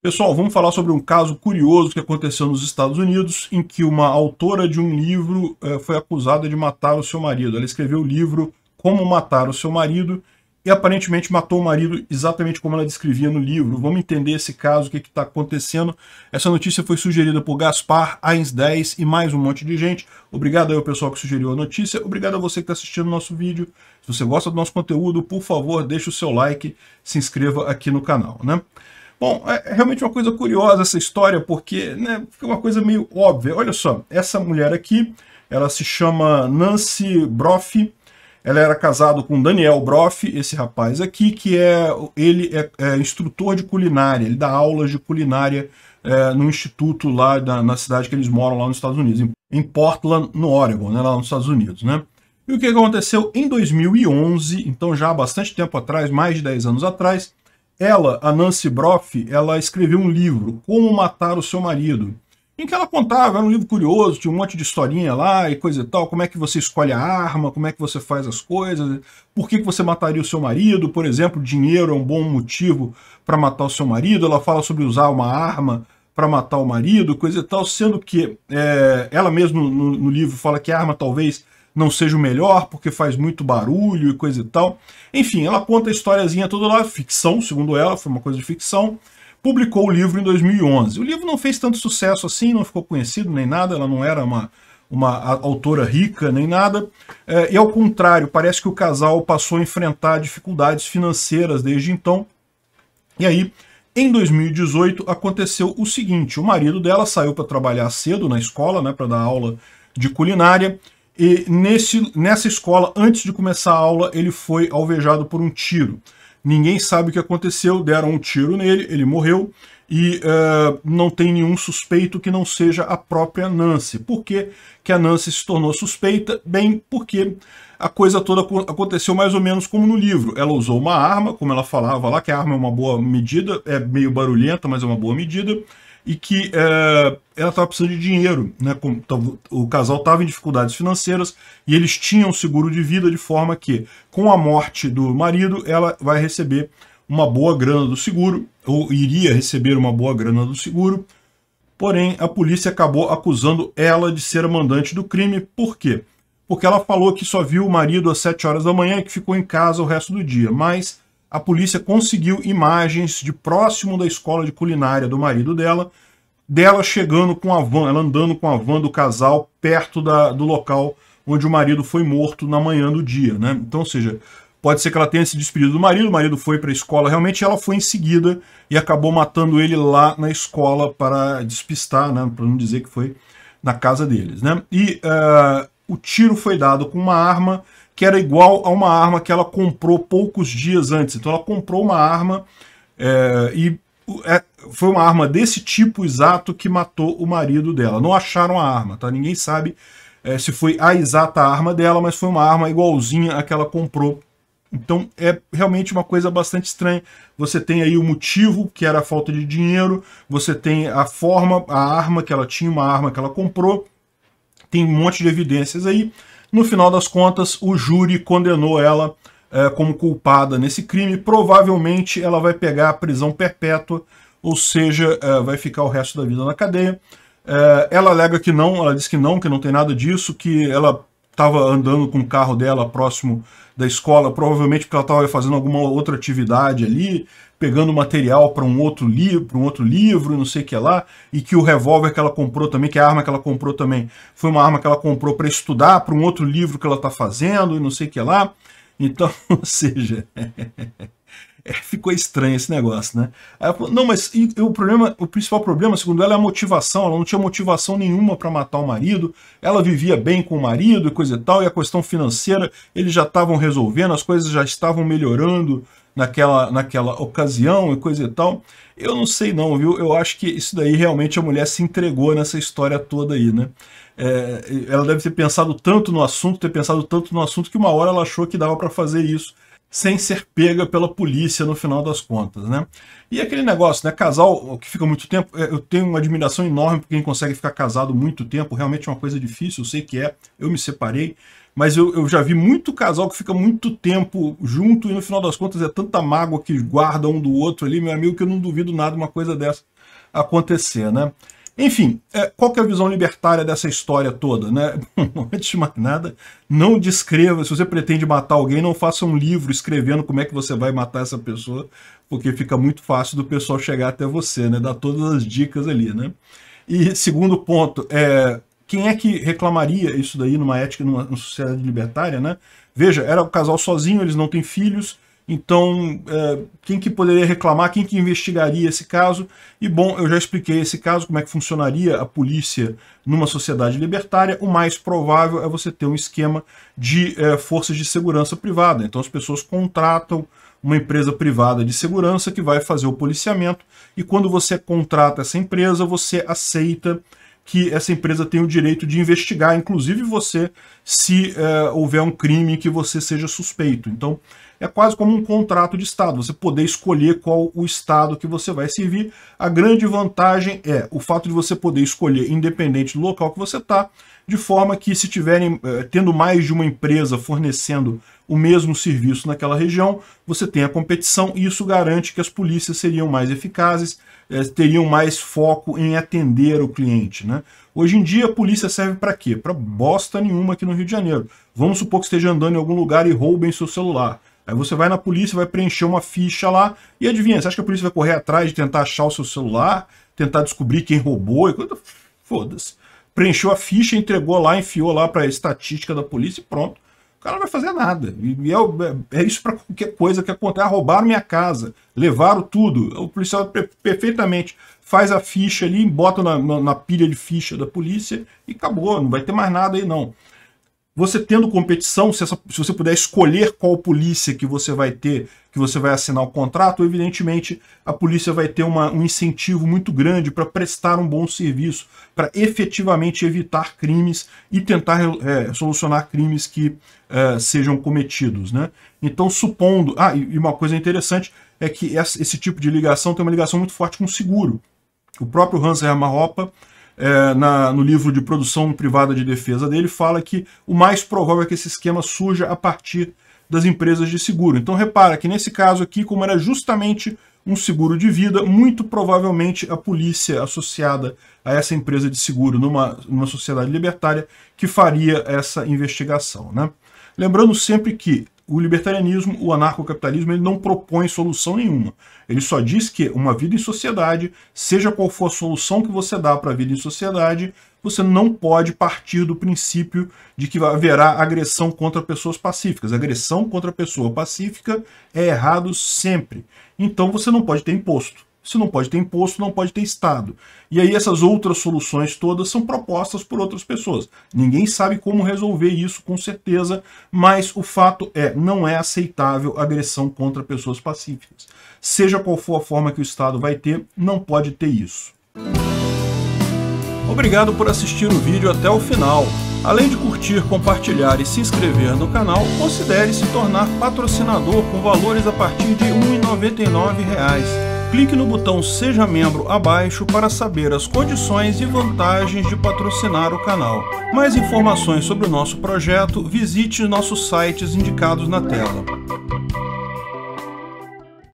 Pessoal, vamos falar sobre um caso curioso que aconteceu nos Estados Unidos, em que uma autora de um livro eh, foi acusada de matar o seu marido. Ela escreveu o livro Como Matar o Seu Marido e aparentemente matou o marido exatamente como ela descrevia no livro. Vamos entender esse caso, o que é está acontecendo. Essa notícia foi sugerida por Gaspar, Ains 10 e mais um monte de gente. Obrigado aí ao pessoal que sugeriu a notícia. Obrigado a você que está assistindo o nosso vídeo. Se você gosta do nosso conteúdo, por favor, deixe o seu like, se inscreva aqui no canal. né? Bom, é, é realmente uma coisa curiosa essa história, porque né, fica uma coisa meio óbvia. Olha só, essa mulher aqui, ela se chama Nancy Broff, ela era casada com Daniel Broff, esse rapaz aqui, que é ele é, é instrutor de culinária, ele dá aulas de culinária é, no instituto lá da, na cidade que eles moram lá nos Estados Unidos, em, em Portland, no Oregon, né, lá nos Estados Unidos, né? E o que aconteceu em 2011, então já há bastante tempo atrás, mais de 10 anos atrás, ela, a Nancy Broff, ela escreveu um livro, Como Matar o Seu Marido, em que ela contava, era um livro curioso, tinha um monte de historinha lá e coisa e tal, como é que você escolhe a arma, como é que você faz as coisas, por que, que você mataria o seu marido, por exemplo, dinheiro é um bom motivo para matar o seu marido, ela fala sobre usar uma arma para matar o marido, coisa e tal, sendo que é, ela mesma no, no livro fala que a arma talvez não seja o melhor, porque faz muito barulho e coisa e tal. Enfim, ela conta a historiazinha toda lá, ficção, segundo ela, foi uma coisa de ficção. Publicou o livro em 2011. O livro não fez tanto sucesso assim, não ficou conhecido nem nada, ela não era uma, uma autora rica nem nada. É, e ao contrário, parece que o casal passou a enfrentar dificuldades financeiras desde então. E aí, em 2018, aconteceu o seguinte: o marido dela saiu para trabalhar cedo na escola, né, para dar aula de culinária. E nesse, nessa escola, antes de começar a aula, ele foi alvejado por um tiro. Ninguém sabe o que aconteceu, deram um tiro nele, ele morreu, e uh, não tem nenhum suspeito que não seja a própria Nancy. Por que, que a Nancy se tornou suspeita? Bem, porque a coisa toda aconteceu mais ou menos como no livro. Ela usou uma arma, como ela falava lá, que a arma é uma boa medida, é meio barulhenta, mas é uma boa medida, e que é, ela estava precisando de dinheiro. Né? Então, o casal estava em dificuldades financeiras e eles tinham seguro de vida de forma que, com a morte do marido, ela vai receber uma boa grana do seguro, ou iria receber uma boa grana do seguro. Porém, a polícia acabou acusando ela de ser a mandante do crime. Por quê? Porque ela falou que só viu o marido às 7 horas da manhã e que ficou em casa o resto do dia. Mas a polícia conseguiu imagens de próximo da escola de culinária do marido dela, dela chegando com a van, ela andando com a van do casal perto da, do local onde o marido foi morto na manhã do dia, né? Então, ou seja, pode ser que ela tenha se despedido do marido, o marido foi para a escola, realmente ela foi em seguida e acabou matando ele lá na escola para despistar, né? Para não dizer que foi na casa deles, né? E uh, o tiro foi dado com uma arma que era igual a uma arma que ela comprou poucos dias antes. Então ela comprou uma arma é, e é, foi uma arma desse tipo exato que matou o marido dela. Não acharam a arma, tá? Ninguém sabe é, se foi a exata arma dela, mas foi uma arma igualzinha à que ela comprou. Então é realmente uma coisa bastante estranha. Você tem aí o motivo, que era a falta de dinheiro, você tem a forma, a arma que ela tinha, uma arma que ela comprou, tem um monte de evidências aí. No final das contas, o júri condenou ela é, como culpada nesse crime. Provavelmente ela vai pegar a prisão perpétua, ou seja, é, vai ficar o resto da vida na cadeia. É, ela alega que não, ela diz que não, que não tem nada disso, que ela estava andando com o carro dela próximo da escola, provavelmente porque ela estava fazendo alguma outra atividade ali, pegando material para um outro livro, para um outro livro, não sei o que lá, e que o revólver que ela comprou também, que a arma que ela comprou também, foi uma arma que ela comprou para estudar, para um outro livro que ela está fazendo, e não sei o que lá. Então, ou seja, é, ficou estranho esse negócio, né? Aí falou, não, mas e o problema, o principal problema, segundo ela, é a motivação. Ela não tinha motivação nenhuma para matar o marido. Ela vivia bem com o marido e coisa e tal. E a questão financeira, eles já estavam resolvendo, as coisas já estavam melhorando naquela, naquela ocasião e coisa e tal. Eu não sei não, viu? Eu acho que isso daí realmente a mulher se entregou nessa história toda aí, né? É, ela deve ter pensado tanto no assunto, ter pensado tanto no assunto que uma hora ela achou que dava para fazer isso sem ser pega pela polícia no final das contas, né? E aquele negócio, né? Casal que fica muito tempo, é, eu tenho uma admiração enorme por quem consegue ficar casado muito tempo, realmente é uma coisa difícil, eu sei que é, eu me separei, mas eu, eu já vi muito casal que fica muito tempo junto e no final das contas é tanta mágoa que guarda um do outro ali, meu amigo, que eu não duvido nada uma coisa dessa acontecer, né? Enfim, é, qual que é a visão libertária dessa história toda? Né? Antes de mais nada, não descreva, se você pretende matar alguém, não faça um livro escrevendo como é que você vai matar essa pessoa, porque fica muito fácil do pessoal chegar até você, né? dar todas as dicas ali. Né? E segundo ponto, é, quem é que reclamaria isso daí numa ética, numa, numa sociedade libertária? Né? Veja, era o casal sozinho, eles não têm filhos, então, é, quem que poderia reclamar, quem que investigaria esse caso? E bom, eu já expliquei esse caso, como é que funcionaria a polícia numa sociedade libertária. O mais provável é você ter um esquema de é, forças de segurança privada. Então as pessoas contratam uma empresa privada de segurança que vai fazer o policiamento e quando você contrata essa empresa, você aceita que essa empresa tem o direito de investigar, inclusive você, se é, houver um crime que você seja suspeito. Então, é quase como um contrato de Estado, você poder escolher qual o Estado que você vai servir. A grande vantagem é o fato de você poder escolher, independente do local que você está, de forma que se tiverem eh, tendo mais de uma empresa fornecendo o mesmo serviço naquela região, você tem a competição e isso garante que as polícias seriam mais eficazes, eh, teriam mais foco em atender o cliente. Né? Hoje em dia a polícia serve para quê? Para bosta nenhuma aqui no Rio de Janeiro. Vamos supor que esteja andando em algum lugar e roubem seu celular. Aí você vai na polícia, vai preencher uma ficha lá, e adivinha, você acha que a polícia vai correr atrás de tentar achar o seu celular, tentar descobrir quem roubou e coisa? Foda-se. Preencheu a ficha, entregou lá, enfiou lá para a estatística da polícia e pronto. O cara não vai fazer nada. E é, é, é isso para qualquer coisa que acontece. Ah, roubaram minha casa, levaram tudo. O policial perfeitamente faz a ficha ali, bota na, na, na pilha de ficha da polícia e acabou. Não vai ter mais nada aí não você tendo competição, se, essa, se, você puder escolher qual polícia que você vai ter, que você vai assinar o contrato, evidentemente a polícia vai ter uma, um incentivo muito grande para prestar um bom serviço, para efetivamente evitar crimes e tentar é, solucionar crimes que é, sejam cometidos. Né? Então, supondo. Ah, e uma coisa interessante é que esse tipo de ligação tem uma ligação muito forte com o seguro. O próprio Hans Hermann Hoppe é, na, no livro de produção privada de defesa dele, fala que o mais provável é que esse esquema surja a partir das empresas de seguro. Então repara que nesse caso aqui, como era justamente um seguro de vida, muito provavelmente a polícia associada a essa empresa de seguro numa, numa sociedade libertária que faria essa investigação. Né? Lembrando sempre que o libertarianismo, o anarcocapitalismo, ele não propõe solução nenhuma. Ele só diz que uma vida em sociedade, seja qual for a solução que você dá para a vida em sociedade, você não pode partir do princípio de que haverá agressão contra pessoas pacíficas. Agressão contra pessoa pacífica é errado sempre. Então você não pode ter imposto se não pode ter imposto, não pode ter Estado. E aí essas outras soluções todas são propostas por outras pessoas. Ninguém sabe como resolver isso com certeza, mas o fato é, não é aceitável agressão contra pessoas pacíficas. Seja qual for a forma que o Estado vai ter, não pode ter isso. Obrigado por assistir o vídeo até o final. Além de curtir, compartilhar e se inscrever no canal, considere se tornar patrocinador com valores a partir de R$ 1,99 clique no botão Seja Membro abaixo para saber as condições e vantagens de patrocinar o canal. Mais informações sobre o nosso projeto, visite nossos sites indicados na tela.